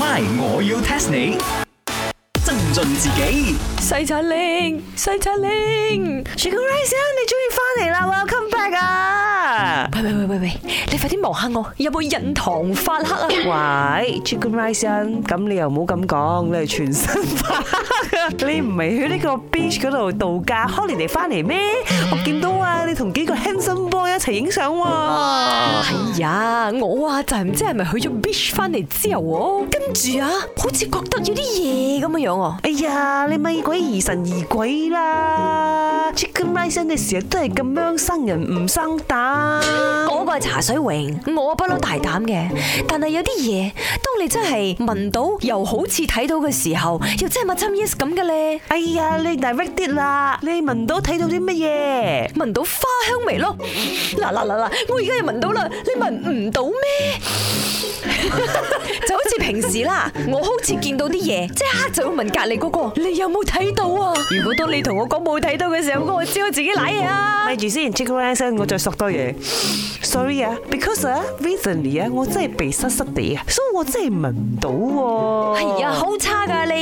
My，我要 test 你，增進自己。西橙玲，西橙玲，Chicken Rice，你終於翻嚟啦，Welcome back 啊！喂喂喂喂喂，你快啲望下我，有冇印堂發黑啊？喂，Chicken Rice，咁你又唔好咁講，你係全身發黑。你唔係去呢個 beach 嗰度度假 holiday 翻嚟咩？我見到啊，你同幾個 handsome boy 一齊影相喎。哎呀，我啊就係、是、唔知係咪去咗 beach 翻嚟之後、啊，跟住啊，好似覺得有啲嘢咁嘅樣、啊、哎呀，你咪鬼疑神疑鬼啦！Chicken Rising 你成日都係咁樣生人唔生膽，嗰個係茶水榮，我不嬲大膽嘅，但係有啲嘢，當你真係聞到，又好似睇到嘅時候，又真係乜。咁。嘅咧，哎呀，你 direct 啲啦！你聞到睇到啲乜嘢？聞到花香味咯！嗱嗱嗱嗱，我而家又聞到啦！你聞唔到咩？就好似平時啦，我好似見到啲嘢，即刻就會問隔籬嗰個，你有冇睇到啊？如果當你同我講冇睇到嘅時候，我知我自己瀨嘢啊！咪住先，check my eyes，我再索多嘢。Sorry 啊，because recently 啊，我真係鼻塞塞地啊，所以我真係聞唔到。係啊，好差噶你。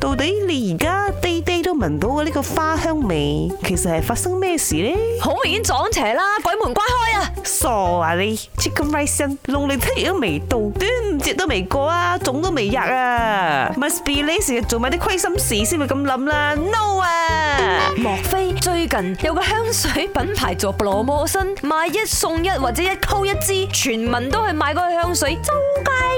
到底你而家日日都聞到嘅呢個花香味，其實係發生咩事咧？好明顯撞邪啦，鬼門關開啊！傻啊你！Chicken ricein，農曆七月都未到，端午節都未過啊，粽都未入啊 ！Must be 你成日做埋啲虧心事先會咁諗啦！No 啊！莫非最近有個香水品牌做羅摩新，in, 買一送一或者一扣一支，全民都去買個香水，周街？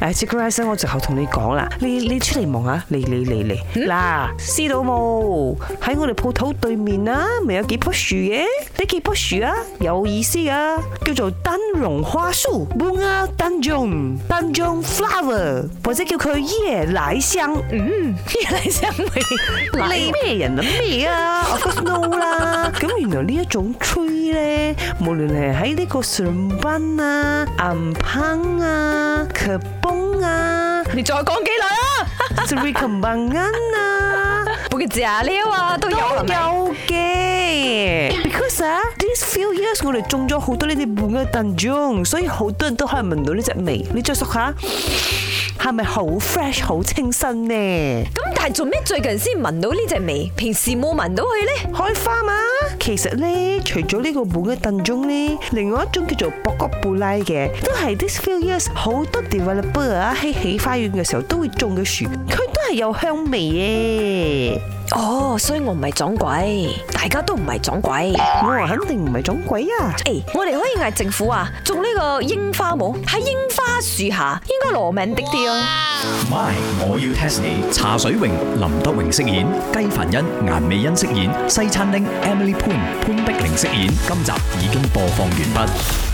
誒，傑哥先生，我直頭同你講啦，你你出嚟望下，嚟嚟嚟嚟，嗱，試到冇？喺我哋鋪頭對面啊，咪有幾樖樹嘅？呢幾樖樹啊，有意思噶，叫做燈籠花樹，bunga tanjong tanjong flower，或者叫佢椰奶香，嗯，椰奶香味。你咩人啊？咩啊？我唔知啦。咁原來呢一種 tree 咧，無論係喺呢個上班啊、硬棒啊、佢。崩啊！你再講幾耐啊 three hundred 蚊啊！補嘅隻料啊，都有嘅。Because 啊，these few years 我哋種咗好多呢啲半斤重，所以好多人都可以聞到呢隻味。你再索下，係咪好 fresh 好清新呢？咁但係做咩最近先聞到呢隻味？平時冇聞到佢咧？開花嘛？其實咧，除咗呢個木嘅凳鐘咧，另外一種叫做博葛布拉嘅，都係 these few years 好多 developer 啊，喺起花園嘅時候都會種嘅樹。有香味耶！哦，所以我唔係撞鬼，大家都唔係撞鬼，我話肯定唔係撞鬼啊！誒，我哋可以嗌政府啊，種呢個櫻花冇喺櫻花樹下，應該羅命迪啲啊 My，我要 test 你。茶水榮、林德榮飾演，雞凡欣、顏美恩飾演，西餐廳 Emily Poon 潘碧玲飾演。今集已經播放完畢。